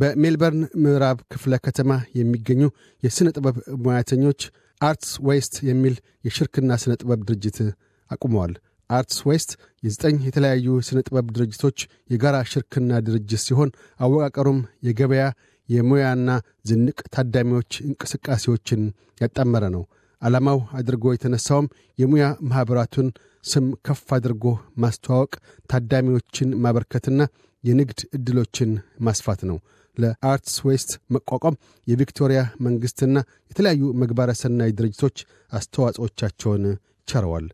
በሜልበርን ምዕራብ ክፍለ ከተማ የሚገኙ የሥነ ጥበብ ሙያተኞች አርትስ ዌስት የሚል የሽርክና ሥነ ጥበብ ድርጅት አቁመዋል። አርትስ ዌስት የዘጠኝ የተለያዩ ሥነ ጥበብ ድርጅቶች የጋራ ሽርክና ድርጅት ሲሆን አወቃቀሩም የገበያ የሙያና ዝንቅ ታዳሚዎች እንቅስቃሴዎችን ያጣመረ ነው። ዓላማው አድርጎ የተነሳውም የሙያ ማኅበራቱን ስም ከፍ አድርጎ ማስተዋወቅ፣ ታዳሚዎችን ማበርከትና የንግድ ዕድሎችን ማስፋት ነው። ለአርትስ ዌስት መቋቋም የቪክቶሪያ መንግሥትና የተለያዩ መግባረ ሰናይ ድርጅቶች አስተዋጽኦቻቸውን ቸረዋል።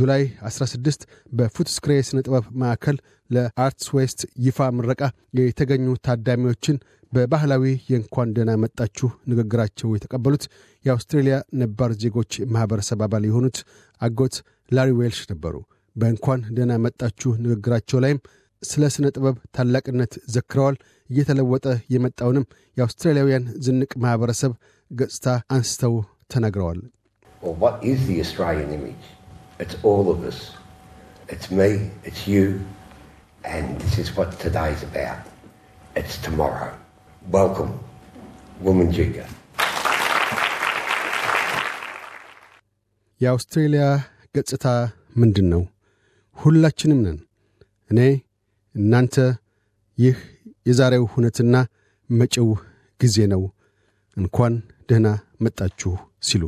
ጁላይ 16 በፉትስክሬ ሥነ ጥበብ ማዕከል ለአርትስ ዌስት ይፋ ምረቃ የተገኙ ታዳሚዎችን በባህላዊ የእንኳን ደህና መጣችሁ ንግግራቸው የተቀበሉት የአውስትሬልያ ነባር ዜጎች ማኅበረሰብ አባል የሆኑት አጎት ላሪ ዌልሽ ነበሩ። በእንኳን ደህና መጣችሁ ንግግራቸው ላይም ስለ ሥነ ጥበብ ታላቅነት ዘክረዋል። እየተለወጠ የመጣውንም የአውስትራሊያውያን ዝንቅ ማኅበረሰብ ገጽታ አንስተው ተናግረዋል። የአውስትሬልያ ገጽታ ምንድን ነው? ሁላችንም ነን። እኔ እናንተ ይህ የዛሬው ሁነትና መጪው ጊዜ ነው እንኳን ደህና መጣችሁ ሲሉ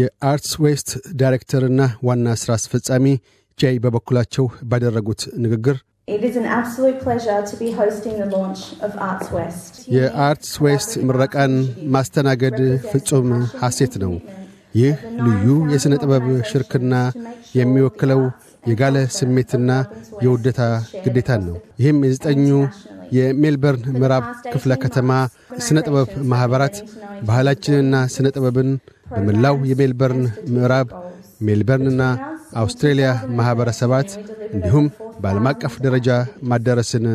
የአርትስ ዌስት ዳይሬክተርና ዋና ሥራ አስፈጻሚ ጃይ በበኩላቸው ባደረጉት ንግግር የአርትስ ዌስት ምረቃን ማስተናገድ ፍጹም ሐሴት ነው። ይህ ልዩ የሥነ ጥበብ ሽርክና የሚወክለው የጋለ ስሜትና የውደታ ግዴታን ነው። ይህም የዘጠኙ የሜልበርን ምዕራብ ክፍለ ከተማ ስነ ጥበብ ማኅበራት ባህላችንና ስነ ጥበብን በመላው የሜልበርን ምዕራብ ሜልበርንና አውስትሬልያ ማኅበረሰባት እንዲሁም በዓለም አቀፍ ደረጃ ማዳረስን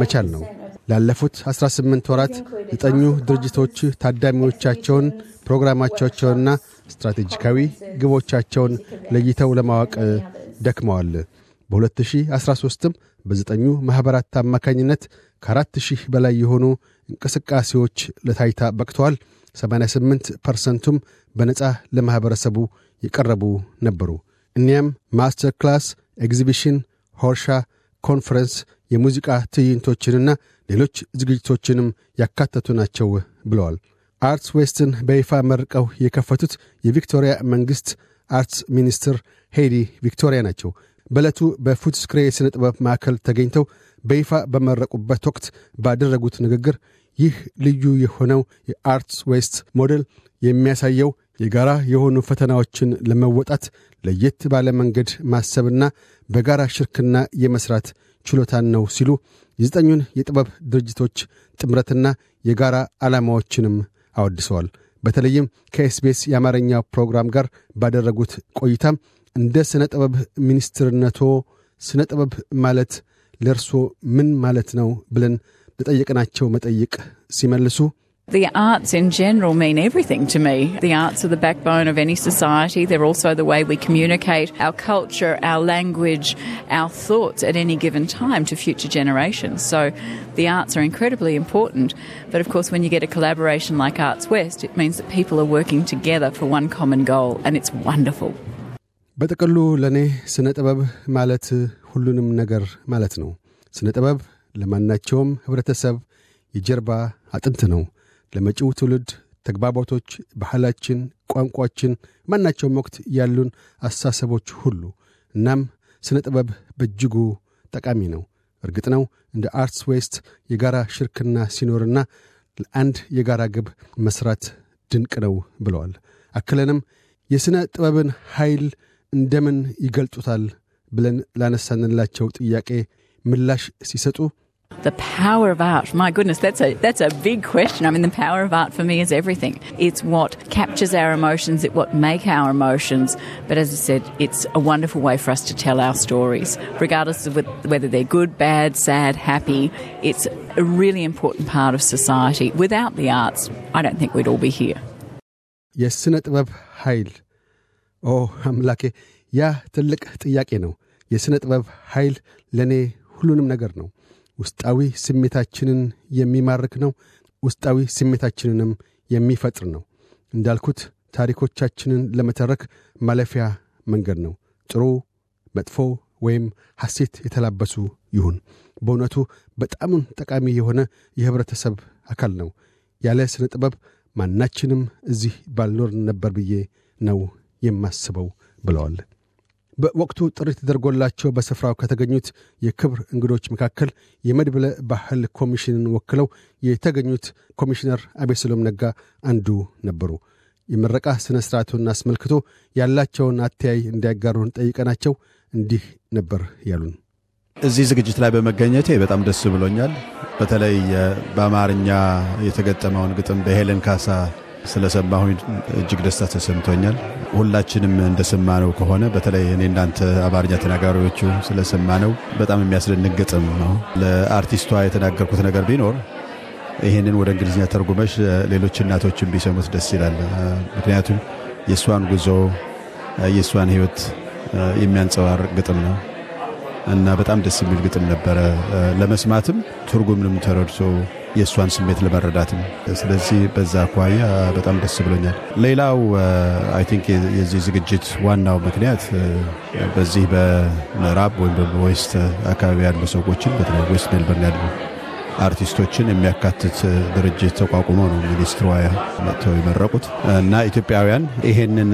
መቻል ነው። ላለፉት 18 ወራት ዘጠኙ ድርጅቶች ታዳሚዎቻቸውን፣ ፕሮግራማቻቸውንና ስትራቴጂካዊ ግቦቻቸውን ለይተው ለማወቅ ደክመዋል። በ2013ም በዘጠኙ ማኅበራት አማካኝነት ከአራት ሺህ በላይ የሆኑ እንቅስቃሴዎች ለታይታ በቅተዋል። 88 ፐርሰንቱም በነፃ ለማኅበረሰቡ የቀረቡ ነበሩ። እኒያም ማስተር ክላስ፣ ኤግዚቢሽን፣ ሆርሻ፣ ኮንፈረንስ፣ የሙዚቃ ትዕይንቶችንና ሌሎች ዝግጅቶችንም ያካተቱ ናቸው ብለዋል። አርትስ ዌስትን በይፋ መርቀው የከፈቱት የቪክቶሪያ መንግሥት አርትስ ሚኒስትር ሄዲ ቪክቶሪያ ናቸው። በዕለቱ በፉትስክሬ የሥነ ጥበብ ማዕከል ተገኝተው በይፋ በመረቁበት ወቅት ባደረጉት ንግግር ይህ ልዩ የሆነው የአርትስ ዌስት ሞዴል የሚያሳየው የጋራ የሆኑ ፈተናዎችን ለመወጣት ለየት ባለ መንገድ ማሰብና በጋራ ሽርክና የመስራት ችሎታን ነው ሲሉ የዘጠኙን የጥበብ ድርጅቶች ጥምረትና የጋራ ዓላማዎችንም አወድሰዋል። በተለይም ከኤስቤስ የአማርኛ ፕሮግራም ጋር ባደረጉት ቆይታ እንደ ስነ ጥበብ ሚኒስትርነቶ ሥነ ጥበብ ማለት ለእርሶ ምን ማለት ነው ብለን ለጠየቅናቸው መጠይቅ ሲመልሱ The arts in general mean everything to me. The arts are the backbone of any society. They're also the way we communicate our culture, our language, our thoughts at any given time to future generations. So the arts are incredibly important. But of course, when you get a collaboration like Arts West, it means that people are working together for one common goal, and it's wonderful. ስነ ጥበብ ለማናቸውም ህብረተሰብ የጀርባ አጥንት ነው። ለመጪው ትውልድ ተግባባቶች፣ ባህላችን፣ ቋንቋችን፣ ማናቸውም ወቅት ያሉን አሳሰቦች ሁሉ። እናም ስነ ጥበብ በእጅጉ ጠቃሚ ነው። እርግጥ ነው እንደ አርትስ ዌስት የጋራ ሽርክና ሲኖርና ለአንድ የጋራ ግብ መስራት ድንቅ ነው ብለዋል። አክለንም የሥነ ጥበብን ኃይል እንደምን ይገልጡታል ብለን ላነሳንላቸው ጥያቄ ምላሽ ሲሰጡ The power of art. My goodness, that's a that's a big question. I mean, the power of art for me is everything. It's what captures our emotions, it what make our emotions. But as I said, it's a wonderful way for us to tell our stories, regardless of whether they're good, bad, sad, happy. It's a really important part of society. Without the arts, I don't think we'd all be here. የስነ ጥበብ ኃይል ኦ አምላኬ ያ ትልቅ ጥያቄ ነው። የሥነ ጥበብ ኃይል ለእኔ ሁሉንም ነገር ነው። ውስጣዊ ስሜታችንን የሚማርክ ነው ውስጣዊ ስሜታችንንም የሚፈጥር ነው እንዳልኩት ታሪኮቻችንን ለመተረክ ማለፊያ መንገድ ነው ጥሩ መጥፎ ወይም ሐሴት የተላበሱ ይሁን በእውነቱ በጣም ጠቃሚ የሆነ የህብረተሰብ አካል ነው ያለ ስነ ጥበብ ማናችንም እዚህ ባልኖር ነበር ብዬ ነው የማስበው ብለዋል በወቅቱ ጥሪ ተደርጎላቸው በስፍራው ከተገኙት የክብር እንግዶች መካከል የመድብለ ባህል ኮሚሽንን ወክለው የተገኙት ኮሚሽነር አቤሰሎም ነጋ አንዱ ነበሩ። የምረቃ ሥነ ሥርዓቱን አስመልክቶ ያላቸውን አተያይ እንዲያጋሩን ጠይቀናቸው እንዲህ ነበር ያሉን። እዚህ ዝግጅት ላይ በመገኘቴ በጣም ደስ ብሎኛል። በተለይ በአማርኛ የተገጠመውን ግጥም በሄለን ካሳ ስለሰማሁኝ እጅግ ደስታ ተሰምቶኛል። ሁላችንም እንደሰማነው ከሆነ በተለይ እኔ እናንተ አማርኛ ተናጋሪዎቹ ስለሰማነው በጣም የሚያስደንቅ ግጥም ነው። ለአርቲስቷ የተናገርኩት ነገር ቢኖር ይህንን ወደ እንግሊዝኛ ተርጉመሽ ሌሎች እናቶችን ቢሰሙት ደስ ይላል። ምክንያቱም የእሷን ጉዞ የእሷን ሕይወት የሚያንጸባርቅ ግጥም ነው። እና በጣም ደስ የሚል ግጥም ነበረ ለመስማትም ትርጉምንም ተረድቶ የእሷን ስሜት ለመረዳትም። ስለዚህ በዛ አኳያ በጣም ደስ ብሎኛል። ሌላው አይ ቲንክ የዚህ ዝግጅት ዋናው ምክንያት በዚህ በምዕራብ ወይም በዌስት አካባቢ ያሉ ሰዎችን በተለይ ዌስት ሜልበርን ያሉ አርቲስቶችን የሚያካትት ድርጅት ተቋቁሞ ነው ሚኒስትሯ መጥተው የመረቁት እና ኢትዮጵያውያን ይሄንን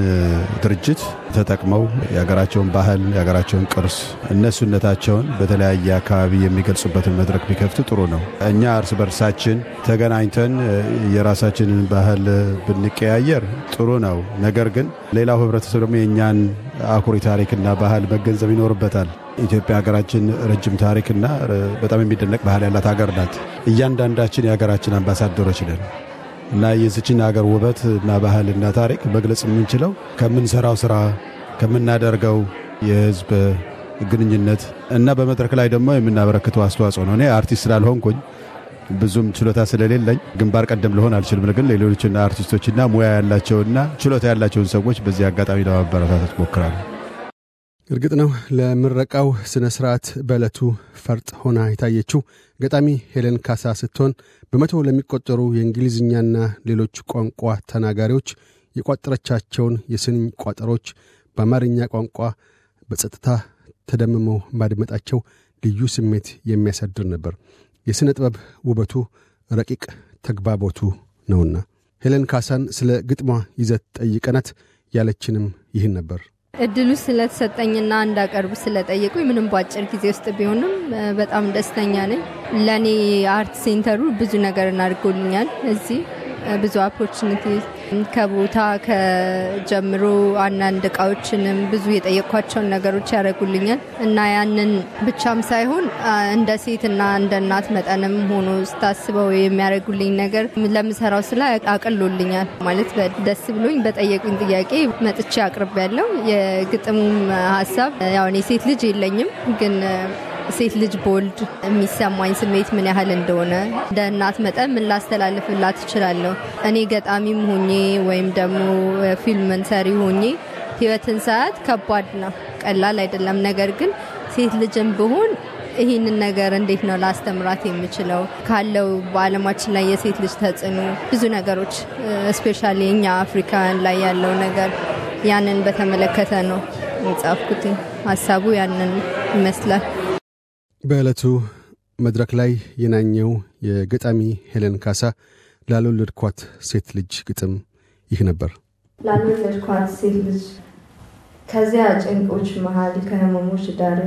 ድርጅት ተጠቅመው የሀገራቸውን ባህል የሀገራቸውን ቅርስ እነሱነታቸውን በተለያየ አካባቢ የሚገልጹበትን መድረክ ቢከፍት ጥሩ ነው። እኛ እርስ በርሳችን ተገናኝተን የራሳችንን ባህል ብንቀያየር ጥሩ ነው። ነገር ግን ሌላው ህብረተሰብ ደግሞ የእኛን አኩሪ ታሪክና ባህል መገንዘብ ይኖርበታል። ኢትዮጵያ ሀገራችን ረጅም ታሪክና በጣም የሚደነቅ ባህል ያላት ሀገር ናት። እያንዳንዳችን የሀገራችን አምባሳደሮች ነን እና የዚችን ሀገር ውበት እና ባህልና ታሪክ መግለጽ የምንችለው ከምንሰራው ስራ፣ ከምናደርገው የህዝብ ግንኙነት እና በመድረክ ላይ ደግሞ የምናበረክተው አስተዋጽኦ ነው። እኔ አርቲስት ስላልሆንኩኝ ብዙም ችሎታ ስለሌለኝ ግንባር ቀደም ልሆን አልችልም። ግን ሌሎችና አርቲስቶችና ሙያ ያላቸውና ችሎታ ያላቸውን ሰዎች በዚህ አጋጣሚ ለማበረታታት ሞክራለሁ። እርግጥ ነው ለምረቃው ስነ ስርዓት በዕለቱ ፈርጥ ሆና የታየችው ገጣሚ ሄለን ካሳ ስትሆን በመቶ ለሚቆጠሩ የእንግሊዝኛና ሌሎች ቋንቋ ተናጋሪዎች የቋጠረቻቸውን የስንኝ ቋጠሮች በአማርኛ ቋንቋ በጸጥታ ተደምመው ማድመጣቸው ልዩ ስሜት የሚያሳድር ነበር። የሥነ ጥበብ ውበቱ ረቂቅ ተግባቦቱ ነውና። ሄለን ካሳን ስለ ግጥሟ ይዘት ጠይቀናት ያለችንም ይህን ነበር። እድሉ ስለተሰጠኝና እንዳቀርብ ስለጠየቁኝ ምንም በአጭር ጊዜ ውስጥ ቢሆንም በጣም ደስተኛ ነኝ። ለእኔ አርት ሴንተሩ ብዙ ነገር እናድርጎልኛል እዚህ ብዙ ኦፖርቹኒቲ ከቦታ ከጀምሮ አንዳንድ እቃዎችንም ብዙ የጠየቅኳቸውን ነገሮች ያደርጉልኛል እና ያንን ብቻም ሳይሆን እንደ ሴትና እንደ እናት መጠንም ሆኖ ስታስበው የሚያደርጉልኝ ነገር ለምሰራው ስላ አቅሎልኛል ማለት ደስ ብሎኝ በጠየቁኝ ጥያቄ መጥቼ አቅርብ ያለው የግጥሙም ሀሳብ ያው እኔ ሴት ልጅ የለኝም ግን ሴት ልጅ ቦልድ የሚሰማኝ ስሜት ምን ያህል እንደሆነ እንደ እናት መጠን ምን ላስተላልፍላት እችላለሁ? እኔ ገጣሚም ሆኜ ወይም ደግሞ ፊልም መንሰሪ ሆኜ ህይወትን ሰዓት ከባድ ነው፣ ቀላል አይደለም። ነገር ግን ሴት ልጅም ብሆን ይህንን ነገር እንዴት ነው ላስተምራት የምችለው? ካለው በዓለማችን ላይ የሴት ልጅ ተጽዕኖ ብዙ ነገሮች እስፔሻሊ እኛ አፍሪካን ላይ ያለው ነገር ያንን በተመለከተ ነው የጻፍኩት። ሀሳቡ ያንን ይመስላል። በዕለቱ መድረክ ላይ የናኘው የገጣሚ ሄለን ካሳ ላልወለድኳት ሴት ልጅ ግጥም ይህ ነበር። ላልወለድኳት ሴት ልጅ ከዚያ ጭንቆች መሃል ከህመሞች ዳር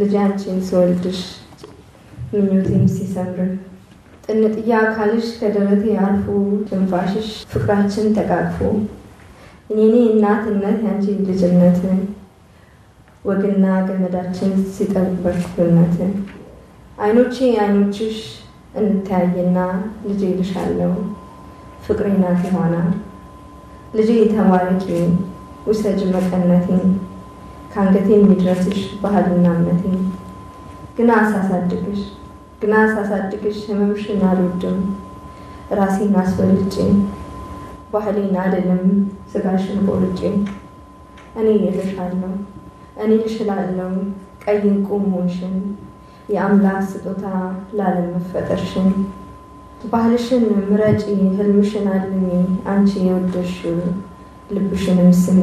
ልጃችን ስወልድሽ ምኞቴም ሲሰምር ጥንጥያ አካልሽ ከደረቴ አልፎ ትንፋሽሽ ፍቅራችን ተቃቅፎ እኔኔ እናትነት ያንቺ ልጅነት ወግና ገመዳችን ሲጠብበት እውነትን አይኖቼ የአይኖችሽ እንታያይና ልጅ ይልሻለሁ ፍቅሬ ናት ይሆናል ልጄ የተባረቂ ውሰጅ መቀነቴን ከአንገቴ የሚድረስሽ ባህልና እምነቴን ግና አሳሳድግሽ ግና አሳሳድግሽ ህመምሽን አልወድም ራሴን አስፈልጬ ባህሌን አልልም ስጋሽን ቆርጬ እኔ እየልሻለሁ እኔ እችላለሁ ቀይ እንቁ መሆንሽን የአምላክ ስጦታ ላለመፈጠርሽን መፈጠርሽን ባህልሽን ምረጪ ህልምሽን አልሚ አንቺ የወደሽ ልብሽንም ስሚ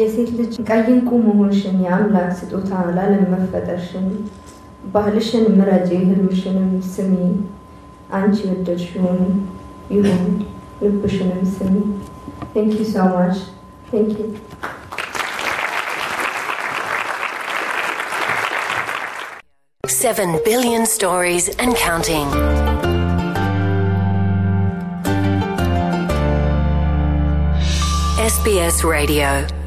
የሴት ልጅ ቀይ እንቁ መሆንሽን የአምላክ ስጦታ ላለመፈጠርሽን መፈጠርሽን ባህልሽን ምረጪ ህልምሽንም ስሚ አንቺ የወደድሽውን ይሁን ልብሽንም ስሚ ቴንኪ ሶ ማች ቴንኪ 7 billion stories and counting. SBS Radio